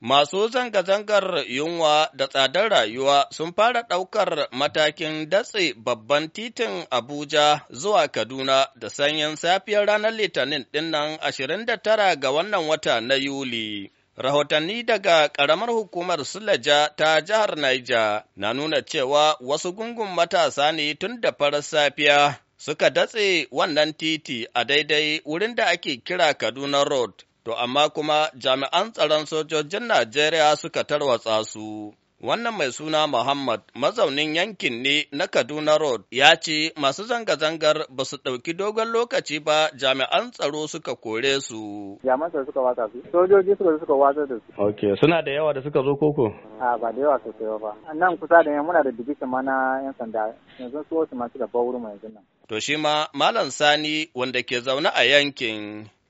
Masu zanga-zangar yunwa da tsadar rayuwa sun fara ɗaukar matakin datse babban titin Abuja zuwa Kaduna da sanyin safiyar ranar Litinin ɗinnan 29 ga wannan wata na Yuli. Rahotanni daga ƙaramar hukumar Sulaja ta jihar Naija na nuna cewa wasu gungun matasa ne tun da farar safiya suka datse wannan titi a daidai wurin da ake kira Kaduna Road. to amma kuma jami'an tsaron sojojin Najeriya suka tarwatsa su. Wannan mai suna Muhammad mazaunin yankin ne na Kaduna Road ya ce masu zanga-zangar ba su ɗauki dogon lokaci ba jami'an tsaro suka kore su. Jami'an tsaro suka wata su, sojoji suka suka wata da su. Ok, suna da yawa da suka zo koko? A ba da yawa sosai ba. Nan kusa da muna da dubi ma na 'yan sanda yanzu su wasu masu da bawuru mai yanzu nan. To shi ma Malam Sani wanda ke zaune a yankin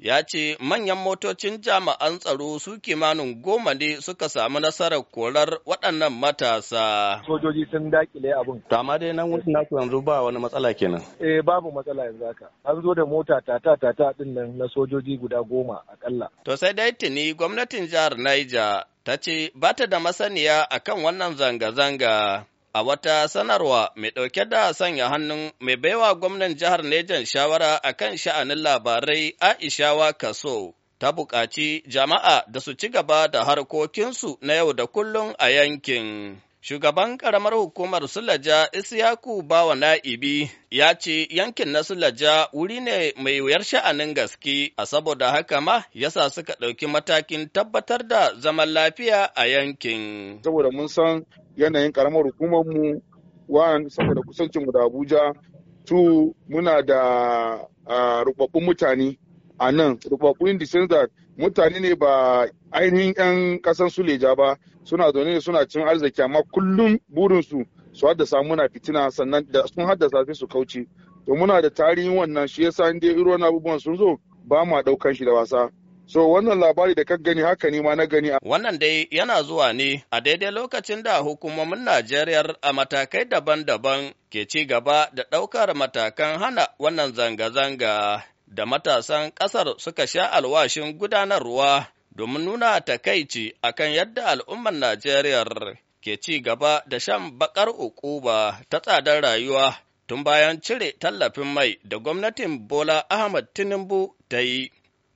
ya ce manyan motocin jami'an tsaro su kimanin goma ne suka samu nasarar korar waɗannan matasa. Sojoji sun dakile abin. To amma dai nan wuce naku yanzu ba wani matsala kenan. Eh babu matsala yanzu haka. An zo da mota tata tata din nan na sojoji guda goma akalla. To sai dai tuni gwamnatin jihar Niger ta ce ba ta da masaniya akan wannan zanga-zanga. A wata sanarwa mai ɗauke da sanya hannun mai baiwa gwamnan jihar Nejan shawara a kan sha'anin labarai Aishawa Kaso ta buƙaci jama'a da su ci gaba da harkokinsu na yau da kullum a yankin. Shugaban ƙaramar hukumar Sulaja Isiyaku Bawa Na'ibi ya ce yankin na Sulaja wuri ne mai wuyar sha'anin gaske, a saboda haka ma yasa suka ɗauki matakin tabbatar da zaman lafiya a yankin. Saboda mun san yanayin karamar hukumar mu one saboda kusancin mu da Abuja two muna da rubabbun mutane a nan rubabbun in the sense mutane ne ba ainihin 'yan kasan suleja ba suna zaune ne suna cin arziki amma kullum burinsu su haddasa muna fitina sannan da sun haddasa sai su kauce to muna da tarihin wannan shi yasa inda irin abubuwan sun zo ba ma daukan shi da wasa So wannan labari da ka gani haka ne ma na gani. Wannan dai yana zuwa ne a daidai lokacin da hukumomin Najeriya a matakai daban-daban ke ci gaba da ɗaukar matakan hana wannan zanga-zanga da matasan ƙasar suka sha alwashin gudanarwa domin nuna takaici akan yadda al'ummar Najeriya ke ci gaba da shan bakar ukuba ta tsadar rayuwa tun bayan cire tallafin mai da gwamnatin Bola Ahmad Tinubu ta yi.